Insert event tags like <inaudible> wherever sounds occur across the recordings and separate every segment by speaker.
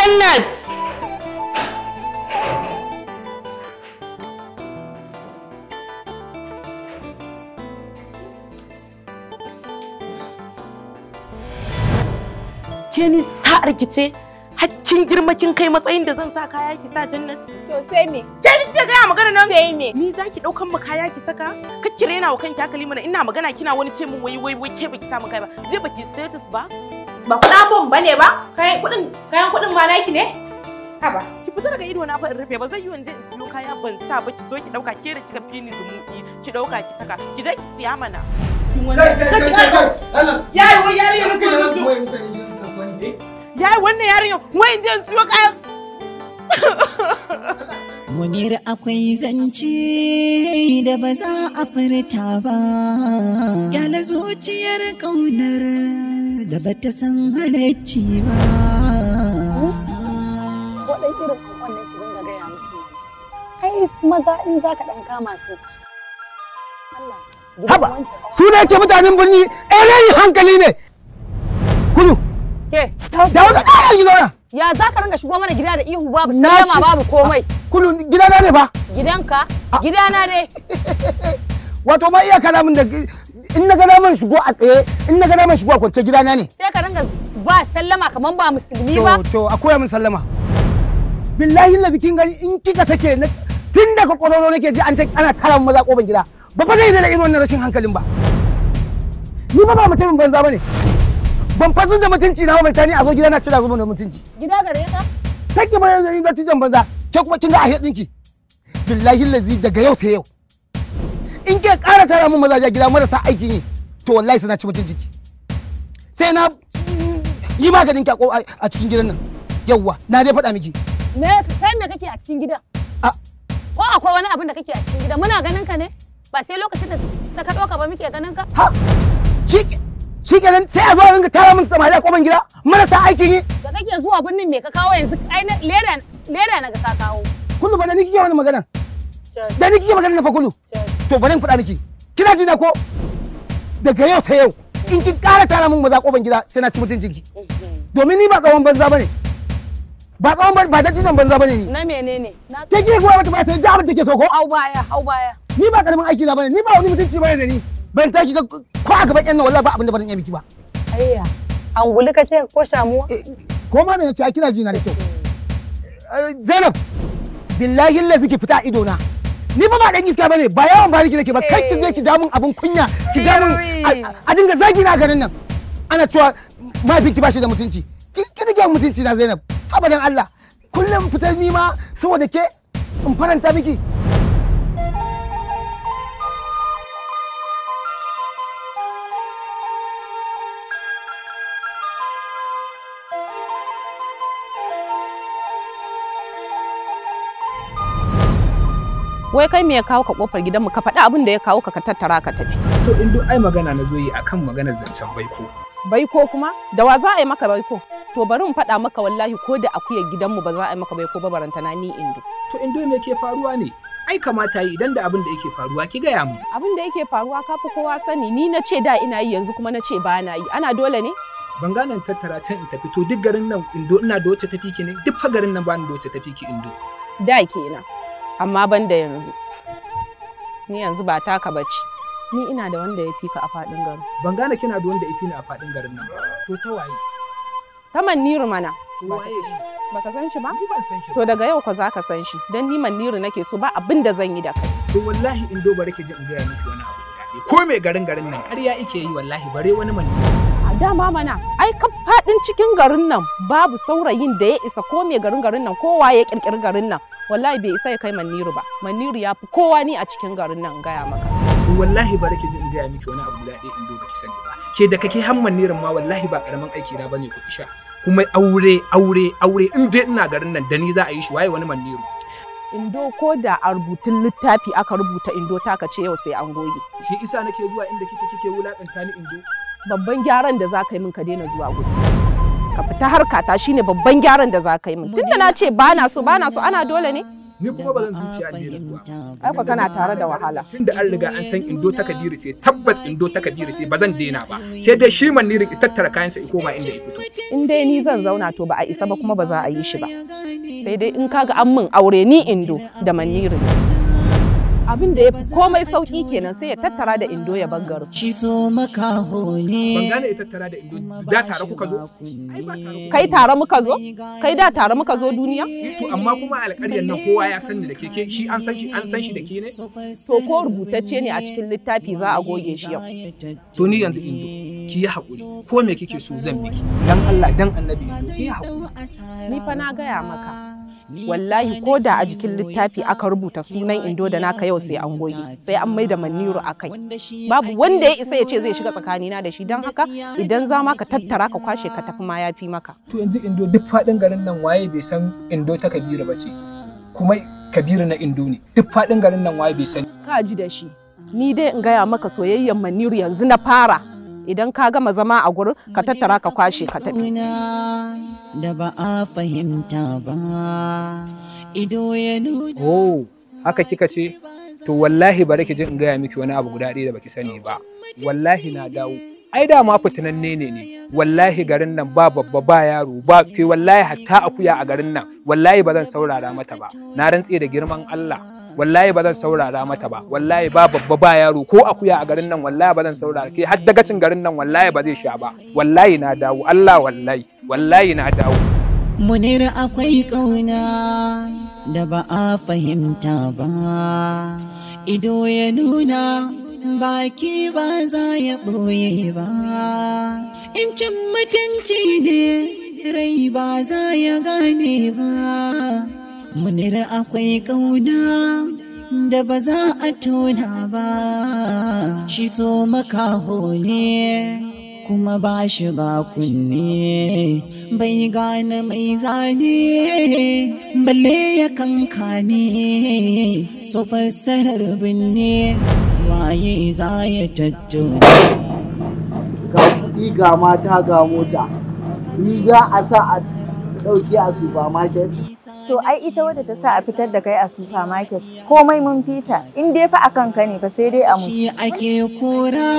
Speaker 1: jannat ke ni sa'ar ki ce hakkin kai matsayin da zan sa kaya ki sa jannat to sai me ke ni ce gaya magana nan sai me ni za ki ɗaukan mu kaya ki saka kakkire na wa kanki hakali mana ina magana kina wani ce min wai wai wai ke baki sa mu kai ba je baki status ba ba kuɗa bom ba ne ba kayan kuɗin kayan kuɗin ma naki ne haba ki fita daga ido na fa in rufe ba zai yi wanje in siyo kaya ban sa ba ki zo ki dauka ke da kika fini zumuɗi ki dauka ki saka ki zai ki siya mana yayi wai yarinya muka eh? yayi wannan yarinya wai in je in siyo kaya
Speaker 2: munir akwai zance da ba za a furta ba yana zuciyar ƙaunar da ba ta san halacci
Speaker 3: ba irin gaya za haba su ne ke mutanen
Speaker 4: birni ɗaya eh, hankali ne
Speaker 3: kudu ke
Speaker 4: da wata ƙara yi zauna
Speaker 1: ya za ka ringa shigo mana gida da ihu babu sallama babu komai kullum gidana ne fa gidanka gidana ne
Speaker 4: <laughs> wato ma iya kada min da in na gada man shigo a tsaye in na gana man shigo a kwance gidana ne
Speaker 1: sai ka ringa ba sallama kaman ba musulmi ba to
Speaker 4: to akwai min sallama billahi la zikin gani in kika take tun daga kwararo nake ji an ta ana tara maza koban gida ba ba zai da irin wannan rashin hankalin ba ni ba ba mutumin banza bane ban fasu da mutunci na ba mai tani a zo gidana cira zuba da mutunci
Speaker 1: gida gare ka
Speaker 4: take ba yanzu in ga tijan banza ke kuma kin ga ahiyar dinki billahi lazi daga yau sai yau in ke ƙara tara mun mazaje gida marasa aiki ne to wallahi sai na ci mutunci sai na yi maganin ki a cikin gidan nan yawwa na dai faɗa miki
Speaker 1: me kai me kake a cikin gida ko akwai wani abin da kake a cikin gida muna ganin ka ne ba sai lokacin da ka ɗauka ba muke ganin ka ha
Speaker 4: shi kenan sai a zo a ringa tara min samari a kwaban gida marasa aikin
Speaker 1: yi da kake zuwa birnin me ka kawo yanzu ai leda leda na ga ka kawo kullu ba da ni
Speaker 4: kike wani magana da ni kike magana na fa kullu to bari in faɗa miki kina ji na ko daga yau sai yau in kin ƙara tara min maza kwaban gida sai na ci mutuncin ki domin ni ba kawon banza bane ba kawon ba da tijan banza bane ni na menene ke ke gowa mata ba ta da abin da ke so ko au baya au baya ni ba karamin aiki na bane ni ba wani mutunci bane da ni ban tashi ga ko a gaban yan nan wallahi ba abin da ban iya miki ba
Speaker 1: ayya an ka kace ko shamuwa
Speaker 4: eh, ko ma me ce kina ji na da kyau eh, Zainab billahi lazi ki fita ido na ni ba ba dan iska bane ba yawan bariki nake ba kai ki je ki ja min abin kunya ki ja a dinga zagi na garin nan ana cewa mahaifinki ba shi da mutunci ki dage mutunci na Zainab abadan Allah kullum fitar nima saboda ke in faranta miki
Speaker 1: wai kai me ya kawo ka kofar gidanmu ka faɗi abin da ya kawo ka ka tattara ka tafi. To
Speaker 5: in duk ai magana na zo yi akan maganar zancen baiko.
Speaker 1: Baiko kuma da wa za a yi maka baiko? To bari in faɗa maka wallahi ko da akuyar gidanmu ba za a yi maka baiko ba barantana ni indo. To indo me ke faruwa ne? Ai kamata yi idan da abin da yake faruwa ki gaya mu. Abin da yake faruwa ka fi kowa sani ni na ce da ina yi yanzu kuma na ce ba na yi ana dole ne?
Speaker 5: ban gane tattara can in tafi to duk garin nan indo ina da wacce tafi ki ne duk fa garin nan ba ni da wacce tafi ki indo.
Speaker 1: Da kenan. amma ban da yanzu ni yanzu ba taka bace ni ina da wanda ya fi ka a faɗin garin ban gane kina da wanda ya fi ni a faɗin garin nan to ta waye ta Maniru mana to waye baka san shi ba ban san shi to daga yau ko ka san shi dan ni manniru nake so ba abin da zan yi da kai to wallahi in do bare ki ji in ga miki wani abu ko mai garin
Speaker 5: garin nan ƙarya ike yi wallahi bare wani Maniru.
Speaker 1: dama mana ai ka fadin cikin garin nan babu saurayin da ya isa ko mai garin garin nan kowa ya kirkiri garin nan wallahi bai isa ya kai maniru ba maniru ya fi kowa ni a cikin garin nan gaya maka to wallahi ba rake jin gaya miki wani abu guda ɗaya in doka
Speaker 5: ki sani ba ke da kake han manirin ma wallahi ba karaman aiki na bane ku isha kuma aure aure aure in dai ina garin nan da ni za a yi shi waye wani maniru
Speaker 1: indo ko da a rubutun littafi aka rubuta indo ka ce yau sai an goge shi isa nake zuwa inda kike kike wulakanta ni indo babban gyaran da za ka yi min ka daina zuwa gudu ka fita harka ta shine babban gyaran da za ka yi min tunda na ce ba na so ba na so ana dole ne ni kuma ba
Speaker 5: zan zuciya ne
Speaker 1: zuwa ai kana tare da wahala tunda an
Speaker 5: riga an san indo ta takadiri ce tabbas indo ta takadiri ce ba zan daina ba sai dai shi man lirin tattara kayansa i koma inda ya fito
Speaker 1: in dai ni zan zauna to ba a isa ba kuma ba za a yi shi ba sai dai in kaga an min aure ni indo da manirin abin da ya fi komai sauki kenan sai ya tattara da indo ya bangaro. Ci so maka hoye. Ban gane
Speaker 5: ya tattara da indo da tare kuka zo?
Speaker 1: Kai tare muka zo? Kai da tare muka zo duniya? Eh,
Speaker 5: to amma kuma alƙaryar nan kowa ya san da keke
Speaker 1: shi an san shi an san shi da ke ne? To ko rubutacce ne a cikin littafi za a goge shi yau.
Speaker 5: To ni yanzu indo ki yi haƙuri ko me kike so zan biki dan Allah dan annabi
Speaker 1: ki yi haƙuri. Ni fa na gaya maka. wallahi ko da a jikin littafi aka rubuta sunan indo da naka yau sai an goge sai an mai da maniru a kai babu wanda ya isa ya ce zai shiga tsakanina da shi don haka idan za ma ka tattara ka kwashe ka tafi ma ya fi maka
Speaker 5: to yanzu indo duk faɗin garin nan waye bai san indo ta kabiru ba ce kuma kabiru na indo ne duk faɗin garin nan waye bai sani
Speaker 1: ka ji da shi ni dai in gaya maka soyayyen maniru yanzu na fara idan ka gama zama a gurin ka tattara ka kwashe ka tafi
Speaker 5: da ba a fahimta ba ido ya oh haka kika ce to wallahi bari ki je in gaya miki wani abu guda ɗaya da baki sani ba wallahi na dawo ai da ma fitinanne ne ne wallahi garin nan ba babba ba yaro ba Ke wallahi hatta akuya a garin nan wallahi ba zan saurara mata ba na rantse da girman Allah wallahi ba zan saurara mata ba wallahi ba babba ba yaro ko akuya a garin nan wallahi ba zan saurara ke har dagacin garin nan wallahi ba zai sha ba wallahi na dawo Allah wallahi wallahi na dawo
Speaker 2: munira akwai kauna da ba a fahimta ba ido ya nuna baki ba za ya ɓoye ba in cin mutunci ne rai ba za ya gane ba munira akwai ƙauna da ba za a tona ba shi so makaho ne kuma ba shi ba kunne bai gane mai zane balle ya kankane so fassarar binne waye za ya tattu ga kuɗi ga mata ga mota ni za a sa a ɗauki a supermarket
Speaker 3: to ai ita wadda ta sa a fitar da kai a supermarket komai mun fita in dai fa akan ka ne fa sai dai a mutu. ake kora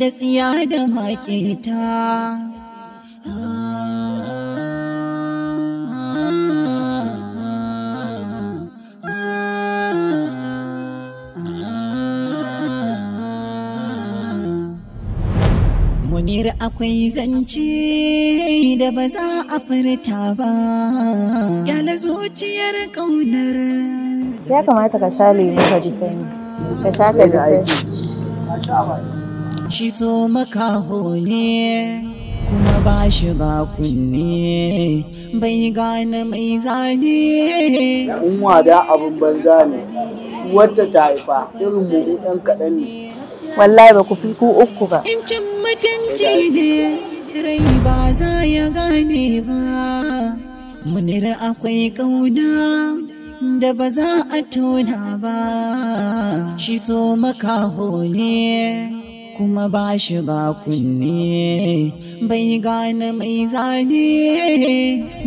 Speaker 2: da tsiya zahir akwai zance da ba za a furta ba yana zuciyar ƙaunar
Speaker 3: ya kamata ka sha lemu ka ji sanyi ka
Speaker 6: sha ka ji sanyi
Speaker 2: shi so makaho ne kuma ba shi ba kunne bai gane mai zane in wada abin banza ne wadda ta haifa irin mu ɗan kaɗan ne
Speaker 1: wallahi ba ku fi ku uku ba
Speaker 2: in ci mutunci ne rai ba za ya gane ba munir akwai kauna da ba za a tona ba shi so makaho ne kuma ba shi ba kunne bai gane mai zane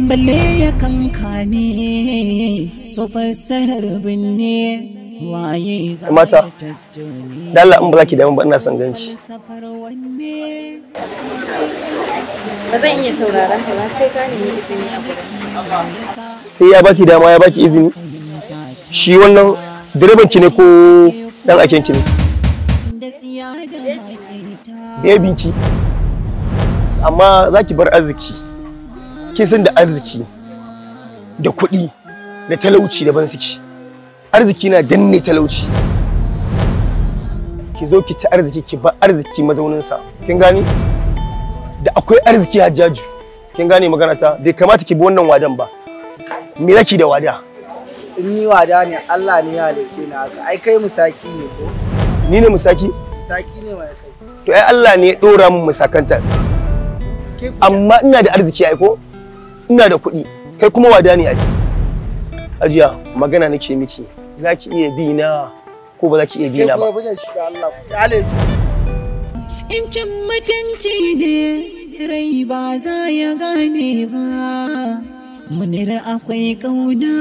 Speaker 2: balle ya kankane so fassarar binne
Speaker 7: mata dala in ba za ki damu ba ina son ganci
Speaker 2: ba zan iya sauraron ka ba sai ka nemi izini a gurin
Speaker 7: sai ya baki dama ya baki izini shi wannan direban ki ne ko dan aken ki ne bebin binki? amma za ki bar arziki kin san da arziki da kuɗi da talauci da ban siki arziki na danne talauci ki zo ki ci arziki ki ba arziki mazauninsa kin gane da akwai arziki hajjaju kin gane magana ta bai kamata ki bi wannan wadan ba me zaki da wada
Speaker 2: ni wada
Speaker 4: ne Allah ne ya halice ni haka ai kai musaki ne ko
Speaker 7: ni ne musaki
Speaker 4: musaki ne mai
Speaker 7: kai to ai Allah ne ya dora min musakanta amma ina da arziki ai ko ina da kuɗi kai kuma wada ne ai ajiya magana nake miki za ki iya bi na ko ba za ki iya bi na ba.
Speaker 2: In can mutunci ne rai ba za ya gane ba, Munir akwai kauna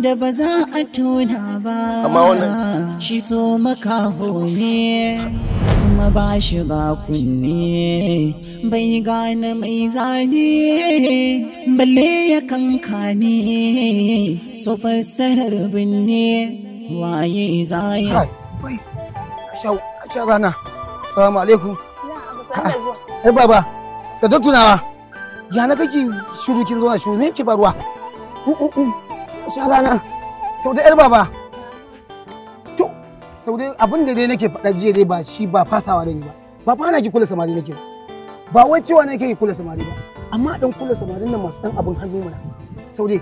Speaker 2: da ba za a tona ba, Amma wannan shi so makaho ne. na ba shi ba kunne bai gane mai zane balle ya kanka kankane su fassarar binne waye zaya kai asha rana
Speaker 4: salamu alaikum ai baba sadatu tunawa ya na kake shuru kin zo na shuru ne ki ba ruwa sha rana sau da yar baba sau dai abin da dai nake faɗa jiya dai ba shi ba fasawa da ni ba ba fa ki kula samari nake ba wai cewa nake ki kula samari ba amma dan kula samarin nan masu dan abin hannu mana sau dai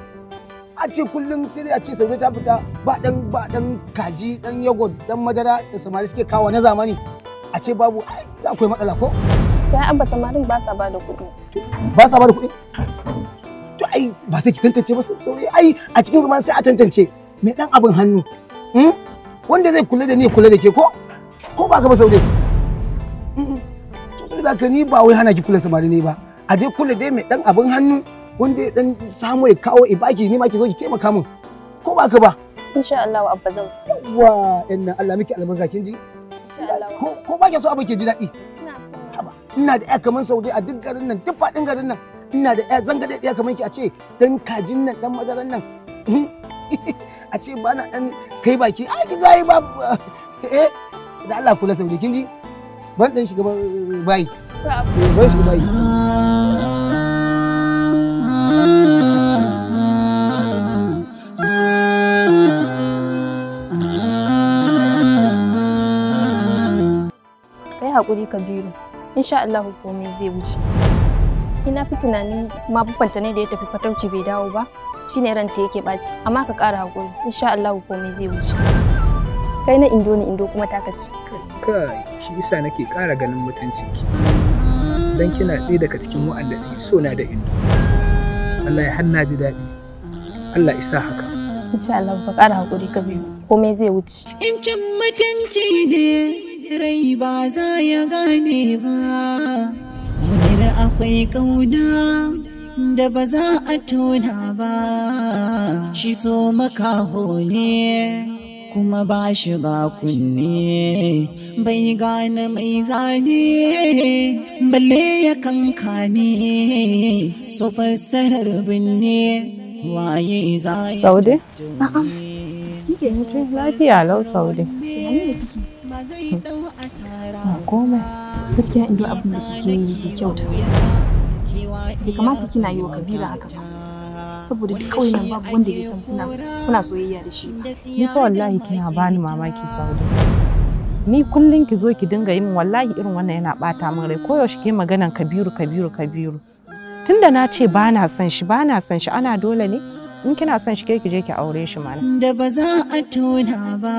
Speaker 4: a ce kullum sai dai a ce saude ta fita ba dan ba dan kaji dan yago dan madara da samari suke kawo na zamani a ce babu ai akwai matsala ko ya abba samarin ba sa bada kuɗi ba sa bada kuɗi to ai ba sai ki tantance ba saude ai a cikin zaman sai a tantance mai dan abin hannu hmm? wanda zai kula da ni kula da ke ko ko ba ka ba saude to sai da ni ba wai hana ki kula samari ne ba a dai kula dai mai dan abin hannu wanda ya dan samu ya kawo ya baki ni ma ki zo ki taimaka min ko ba ka ba
Speaker 3: insha Allah abba zan
Speaker 4: yawa inna Allah miki albarka kin ji ko ba ki so abin ki ji dadi
Speaker 3: ina
Speaker 4: ina da ƴa kamar saude a duk garin nan duk faɗin garin nan ina da ƴa zanga da ƴa kamar ki a ce dan kajin nan dan madaran nan hmm? a <laughs> ce ba na ɗan kai baki a ki gayi ba <laughs> eh da Allah kula saboda kin ji ban dan shiga eh, bayi eh, ban shiga bayi
Speaker 3: kai hakuri kabiru insha Allah komai zai wuce ina fi tunanin ma ne da ya tafi fatauci bai dawo ba shine ranta yake ɓaci amma ka ƙara haƙuri insha Allah komai zai wuce kai na indo ne indo kuma taka ce kai shi
Speaker 5: isa nake ƙara ganin mutunci ki dan kina ɗaya daga cikin wa'anda suke so na da indo Allah ya hanna ji daɗi Allah isa haka
Speaker 3: insha Allah ka ƙara haƙuri ka biyu komai zai wuce in cin mutunci ne rai ba
Speaker 2: za ya gane ba mudir akwai kauna da ba za a tuna ba shi so makaho ne kuma ba shi ba kunne bai gane mai zane balle ya kanka ne so fassarar binne waye zai saudi? na'am kike mutum lafiya lau saude ba zai hmm. dau
Speaker 1: ba komai
Speaker 3: gaskiya indo abin da kike yi kyauta bai kamata kina yi wa kabila haka ba saboda duk ƙauyen nan babu wanda ya san kuna kuna soyayya da
Speaker 1: shi ni fa wallahi kina bani mamaki saudi ni kullun ki zo ki dinga yin wallahi irin wannan yana bata min rai koyaushe ke maganan kabiru kabiru kabiru tunda na ce ba na san shi ba na san shi ana dole ne in kina son shi ke ki je ki aure shi mana da
Speaker 2: ba za a tona ba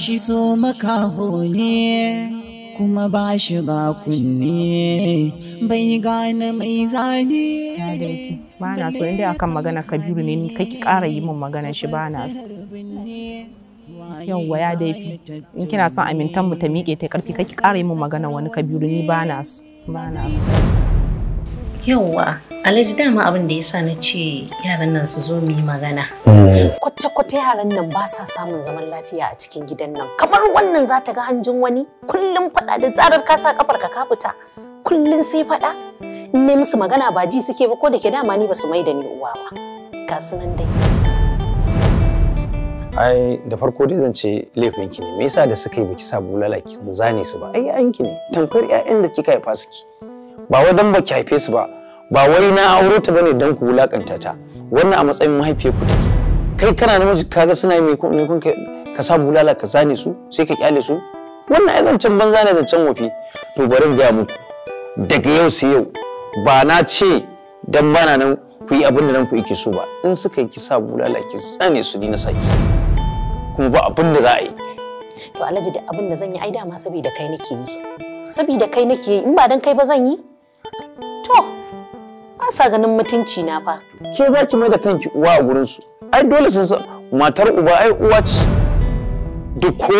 Speaker 2: shi so makaho ne
Speaker 1: kuma ba shi ba kunne
Speaker 2: bai gane mai zane
Speaker 1: ba na so inda akan magana kabiru ne ni ki ƙara yi min magana shi ba na so yawwa ya daifi in kina son amintan mu ta miƙe ta kai
Speaker 3: ki ƙara yi min magana wani kabiru ni ba na so ba na so Yauwa, Alhaji dama abin da yasa na ce yaran nan su zo mu yi magana. Mm. Kwata-kwata yaran nan ba sa samun zaman lafiya a cikin gidan nan. Kamar wannan za ta ga hanjin wani kullum faɗa da tsarar ka sa kafar ka ka fita. Kullum sai faɗa. In ne musu magana ba ji suke ba ko da ke dama ni ba su mai da ni uwa ba. Ga su nan dai.
Speaker 6: Ai da farko dai zan ce laifin ki ne. Me yasa da suka yi baki sa bulala ki zane su ba? Ai an ki ne. tankar 'ya'yan da kika yi fasiki. ba wai dan baki haife su ba ba wai na auro ta bane dan ku wulakanta ta wannan a matsayin mahaifiyar ku take kai kana namiji kaga suna yi mai kun ka sa bulala ka zane su sai ka kyale su wannan ai zancen banza ne can wafi to bari in gaya muku daga yau sai yau ba na ce dan bana nan ku yi abin da nan ku yake so ba in suka yi ki sa bulala ki zane su ni na saki kuma ba abin da za a yi
Speaker 3: to alhaji da abin da zan yi ai dama saboda
Speaker 6: kai nake yi
Speaker 3: saboda kai nake yi in ba dan kai ba zan yi To, ba sa ganin mutunci na fa.
Speaker 6: Ke za ki mai da kanki uwa a gurinsu. Ai dole sun san matar uba ai uwa ce. Duk ko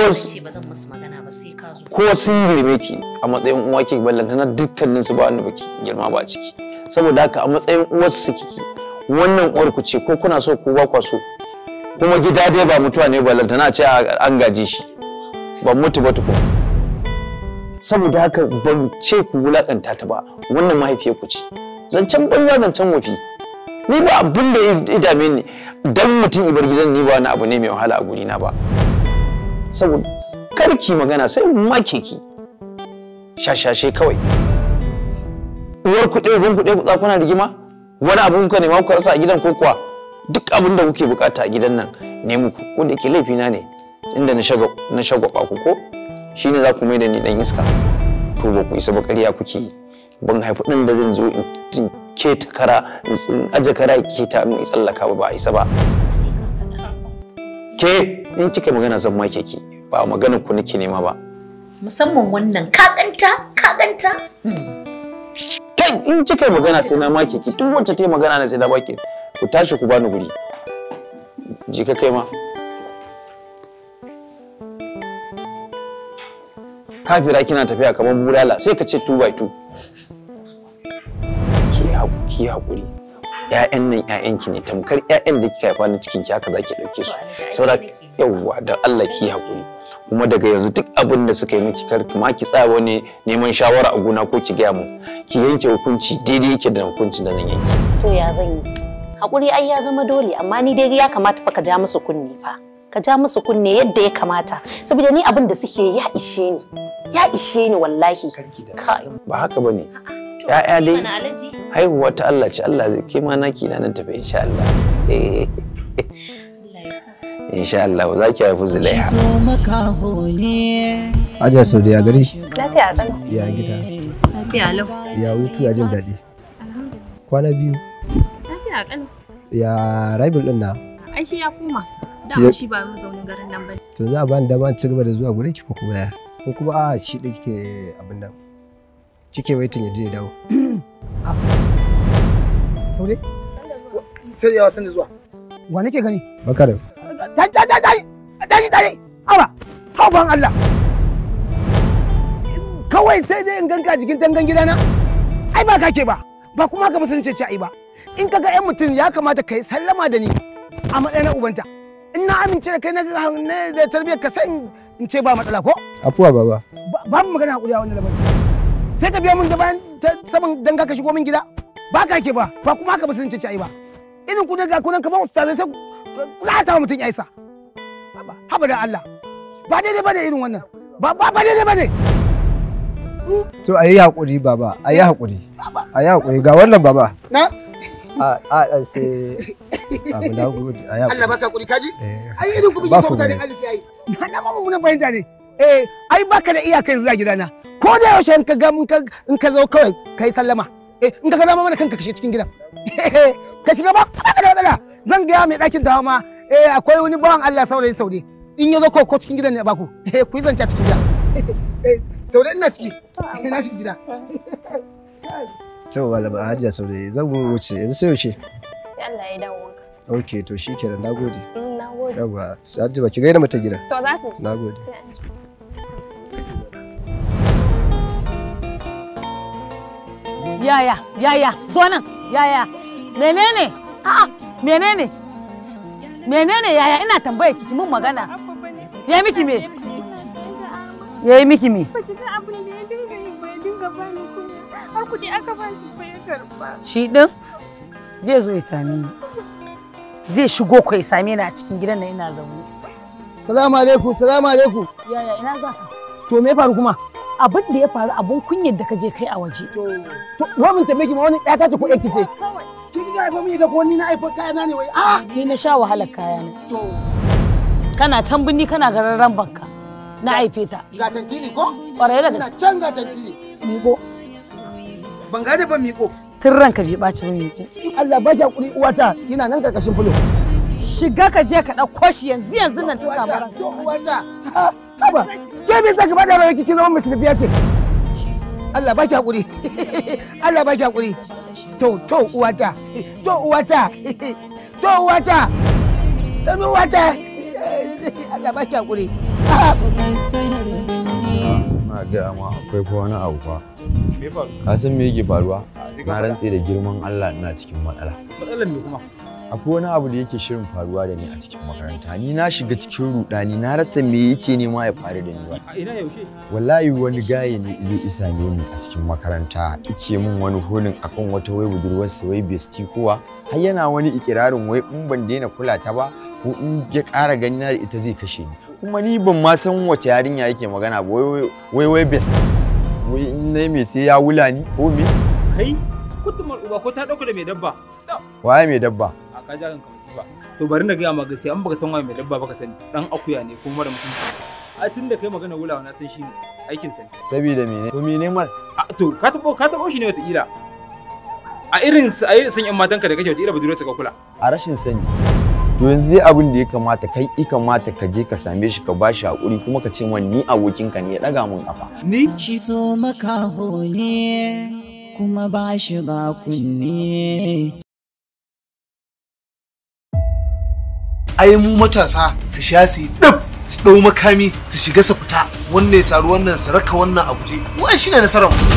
Speaker 6: ko sun girme ki a matsayin uwa ki na dukkanin su ba wanda baki girma ba ciki. Saboda haka a matsayin uwar su kiki wannan uwar ku ce ko kuna so ko ba kwa so. Kuma gida dai ba mutuwa ne na ce an gaji shi. Ba mutu ba tukun. saboda haka ban ce ku wulakanta ta ba wannan mahaifiyar ku ce zancen banza zancen wafi ni ba abin da dame ni dan mutum ibar gidan ni ba wani abu ne mai wahala a guri na ba saboda karki magana sai make ki shashashe kawai uwar ku ɗaya ban ku ɗaya ku tsakuna rigima wani abun ku nema ku rasa a gidan ko kuwa duk abin da kuke bukata a gidan nan ne muku ko da ke laifina ne inda na shagwaba ku ko shine za ku mai da ni dan iska to ba ku isa ba ƙarya kuke yi ban haifi ɗin da zan zo in ta kara in aje kara in ta mai tsallaka ba ba a isa ba ke in kika magana zan ma ke ki ba magana ku nake nema ba
Speaker 3: musamman wannan kaganta kaganta
Speaker 6: kai in kika magana sai na make ki duk wacce ta yi magana na sai na baki ku tashi ku bani guri ji ka kai ma kafira kina tafiya kamar bulala sai ka ce 2 by 2 ki haƙuri ki nan ya'yanki ne tamkar ƴaƴan da kika haifa na cikin ki za ki ɗauke su saboda yawwa dan Allah ki haƙuri kuma daga yanzu duk abin da suka yi miki kar kuma ki tsaya wani neman shawara a gona ko ki gaya mu ki yanke hukunci daidai yake da hukuncin da zan yanke
Speaker 3: to ya zan yi haƙuri ai ya zama dole amma ni dai ya kamata fa ka ja musu kunni fa ka ja musu kunne yadda ya kamata saboda ni abin da suke ya ishe ni ya ishe ni wallahi
Speaker 6: ba haka bane ah, ya'ya dai haihuwa ta Allah ce Allah ke ma naki na nan tafi insha Allah <laughs> insha Allah za ki haifu zulaiha
Speaker 5: Aja sau da ya gari? Lafiya a Ya gida. Lafiya lau. Ya hutu ya jin daɗi.
Speaker 7: Alhamdulillah. Kwana biyu. Lafiya a Ya rabin ɗin na.
Speaker 3: ai shi ya koma da shi ba zaunin garin nan ba
Speaker 7: to za a bani dama ci gaba da zuwa gurin ki ko kuma ya ko kuma a shi da kike abin nan cike waitin ya je ya dawo <clears throat> ah.
Speaker 4: saurayi sai yawa san da zuwa wa nake gani baka da dai dai dai dai dai awa hawan Allah kawai sai dai in ganka jikin tangan gidana ai ba kake ba ba kuma ka musulunce ci ai ba in kaga yan mutum ya kamata ka yi sallama da ni a matsayin na ubanta in na amince da kai na da tarbiyyar ka sai in ce ba matsala ko afuwa baba ba mu magana hakuri a wannan lamarin sai ka biya mun da bayan saman danga ka shigo min gida ba ka ke ba ba kuma ka ba sun ce ai ba irin ku ga kunan kamar ustazai sai kula kulata mutum ya isa haba da Allah ba daidai ba da irin wannan ba ba daidai ba ne to ayi hakuri baba ayi hakuri ayi hakuri ga wannan baba na Ah, ah, ah, a a sai abu da gode a Allah baka kuri kaji eh, ai irin ku bi mutane arziki ai na ma mun fahimta ne eh ai baka da iyaka yanzu a gidana ko da yaushe in ka ga mun in ka zo kawai kai sallama eh in ka ga dama mana kanka kashe cikin gidan eh, ka shiga ba ka da wadala zan ga mai dakin dawa ma eh akwai wani bawan Allah saurayi saurayi in ya zo ko cikin gidan ne ba ku eh ku yi zance cikin gida eh saurayi ina ciki ina shi gida eh. to malama hajja saurayi zan wuce yanzu sai wuce
Speaker 3: Allah ya dawo
Speaker 4: ok to shi ke nan nagode na gode mm, yawa ba ki gaida mata gida
Speaker 3: to za su na Nagode.
Speaker 4: yaya yaya zo nan yaya menene a'a menene menene yaya ina tambaya kiki mun magana
Speaker 1: ya miki me ya yi miki me ba ki ga abin da ya dinga yi ba ya dinga bani amma kuɗi aka ba shi ya karba shi zai zo ya same ni zai shigo ku ya same ni a cikin gidan nan
Speaker 4: ina zaune salamu alaikum salamu alaikum
Speaker 2: yaya ina za ka
Speaker 4: to me faru kuma abin da ya faru abun kunyar da ka je kai a waje to wa mun tambaye ki ma wani ɗaya ta ce ko ƴarki ce ki ga haifa mun yi da ko ni na haifa kaya na ne wai Ah, ni na sha wahalar kaya ne to kana can binni kana garin ranbanka na haife ta. Ga tantiri ko? Ƙwarai da gaske. Ina can Ni ko. Ban gane ba miƙo. Tun ranka bai ɓaci ba miƙo. Allah ba ki hakuri uwata ina nan karkashin fulo. Shiga ka je ka ɗauko shi yanzu yanzu nan tun samu ranka. Uwata. ba Ke bai sa ki ba da rawar ki zama musulmiya ce. Allah ba ki hakuri. <laughs> Allah ba ki hakuri. To to uwata. To uwata. <laughs> To uwata. Sanu uwata.
Speaker 2: <laughs> Allah ba ki hakuri. Ah,
Speaker 1: na
Speaker 7: ga ma akwai fa wani abu fa. ka san me yake faruwa ah, na rantse da girman Allah ina cikin matsala matsalar me kuma akwai wani abu da yake shirin faruwa da ni a cikin makaranta ni na shiga cikin rudani na rasa me yake nema ya faru da ni ba ina yaushe wallahi wani gaye ne ido isa ne ni a cikin makaranta ike min wani honin akan wata wai budurwar sa wai besti kowa har yana wani ikirarin wai in ban daina kula ta ba ko in ya ƙara ganina da ita zai kashe ni kuma ni ban ma san wace yarinya yake magana ba wai wai besti wai ne me sai ya wula ni ko me
Speaker 5: kai kutumar uba ko ta dauka da mai dabba
Speaker 7: waye mai dabba
Speaker 5: a ka jarin ka musiba to bari na gaya ma gaskiya an baka san waye mai dabba baka sani dan akuya ne kuma mara mutunci a tun da kai magana wulawa na san shi ne aikin sa saboda mene to ne mal to ka tabo ka tabo shi ne wata ira a irin san yan matanka da kake wata ira budurwarsa ka kula
Speaker 7: a rashin sani to yanzu dai abin da ya kamata kai i kamata ka je ka same shi ka bashi hakuri kuma ka ce man ni abokinka ne ya daga mun kafa
Speaker 2: ni shi so maka ne kuma bashi ba kunne
Speaker 4: ai mu matasa
Speaker 8: su sha su dab su dau makami su shiga su fita wannan ya saru wannan su raka wannan
Speaker 1: a guje wa shine nasarar mu?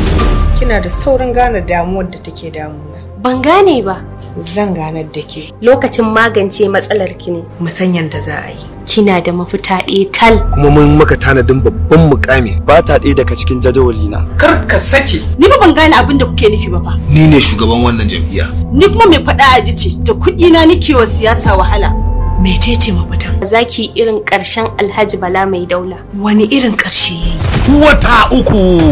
Speaker 1: kina da sauran gane damuwar da take damu Ban gane ba. Zan ganar da ke. Lokacin magance matsalar ki ne. Musanyan da za a yi. Kina da mafita ɗaya eh tal.
Speaker 7: Kuma mun maka tanadin babban mukami ba ta ɗaya daga cikin jadawali na.
Speaker 1: Kar ka sake. Ni ba ban gane abin da kuke nufi ba fa.
Speaker 7: Ni ne shugaban wannan jam'iyya.
Speaker 1: Ni kuma mai faɗa a ce da kuɗi na nike wa siyasa wahala. Mecece mafita?
Speaker 3: Za ki irin ƙarshen Alhaji Bala mai daula.
Speaker 1: Wani irin ƙarshe yayi? Wata
Speaker 7: uku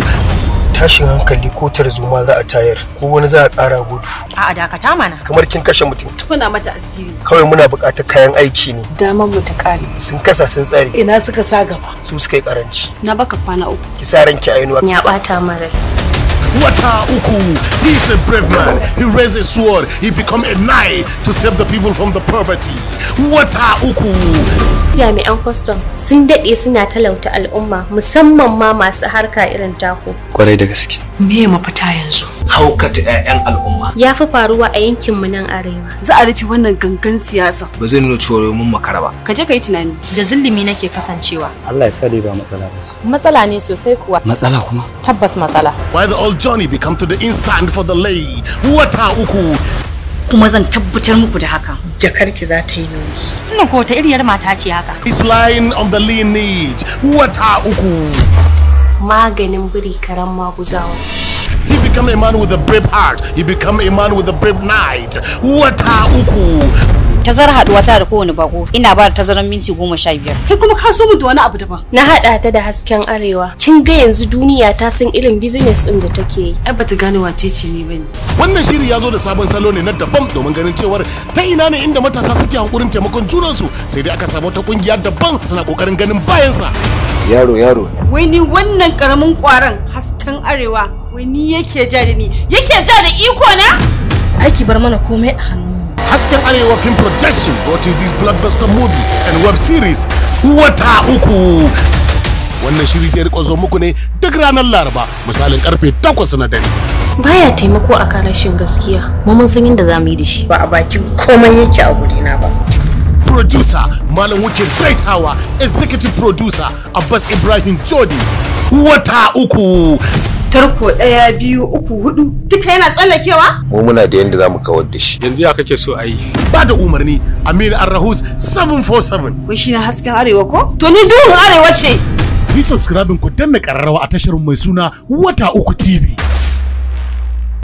Speaker 7: tashin hankali ko tarzoma za a tayar ko wani za a kara gudu.
Speaker 3: a
Speaker 1: dakata mana. Kamar kin kashe mutum. Tuna mata asiri.
Speaker 7: Kawai muna buƙatar kayan aiki ne. Damar mu ta
Speaker 8: ƙare. Sun kasa sun tsare. Ina suka sa gaba. Su suka yi ƙaranci. Na baka kwana uku. Ki sa ranki a
Speaker 3: Ya ɓata mara.
Speaker 8: Wata Uku. He's a brave man. He raised his sword. He become a knight to save the people from the poverty. Wata Uku.
Speaker 3: Jami'an kwastam sun daɗe suna talauta al'umma musamman ma masu harka irin taku.
Speaker 5: Kwarai da gaske. me mafita yanzu haukata 'ya'yan al'umma
Speaker 3: ya fi
Speaker 1: faruwa a yankin mu nan arewa za a rufe wannan gangan siyasa
Speaker 5: ba zai nuna cewa mun makara ba
Speaker 1: ka je ka yi tunani da zillimi nake kasancewa
Speaker 3: Allah ya sare ba matsala ba
Speaker 1: matsala ne sosai kuwa
Speaker 5: matsala
Speaker 3: kuma
Speaker 8: tabbas matsala why the old journey become to the instant for the lay wata uku kuma zan tabbatar muku da haka ki za ta yi nauyi
Speaker 1: wannan ko ta iriyar mata ce haka is
Speaker 8: lying on the lineage wata uku
Speaker 1: maganin biri karan maguzawa.
Speaker 8: He become a man with a brave heart. He become a man with a brave
Speaker 3: night. Wata uku. tazar haduwa ta da kowane bako ina ba da tazaran minti goma sha biyar.
Speaker 1: Kai kuma ka so mu da wani abu daban. Na haɗa ta da hasken arewa. Kin ga yanzu duniya ta san irin business ɗin da take yi. Ai bata gane wace ce ni bane.
Speaker 8: Wannan shiri ya zo da sabon salo ne na daban domin ganin cewar ta ina ne inda matasa suke hankurin taimakon junansu sai dai aka samu ta kungiya daban suna kokarin ganin bayansa. yaro yaro
Speaker 1: wai ni wannan karamin kwaron hasken arewa wai ni yake ja da ni yake ja da iko na
Speaker 8: aiki bar mana komai a hannu hasken arewa film production brought you this blockbuster movie and web series wata uku wannan shiri zai rika zo muku ne duk ranar laraba misalin karfe 8 na dare
Speaker 3: baya taimako a rashin gaskiya mu mun san yadda zamu yi da shi ba a bakin komai yake a gurina ba producer malam
Speaker 8: wukir zaitawa executive producer abbas ibrahim jodi wata
Speaker 1: uku tarko ɗaya biyu uku hudu duka yana tsallakewa?
Speaker 8: mu muna da yanda zamu kawar da shi yanzu ya kake so ayi. ba da umarni aminu arrahus 747
Speaker 2: kun shi na hasken arewa ko
Speaker 8: to ni duhun arewa ce yi subscribing ku danna kararrawa a tashar mai suna wata uku tv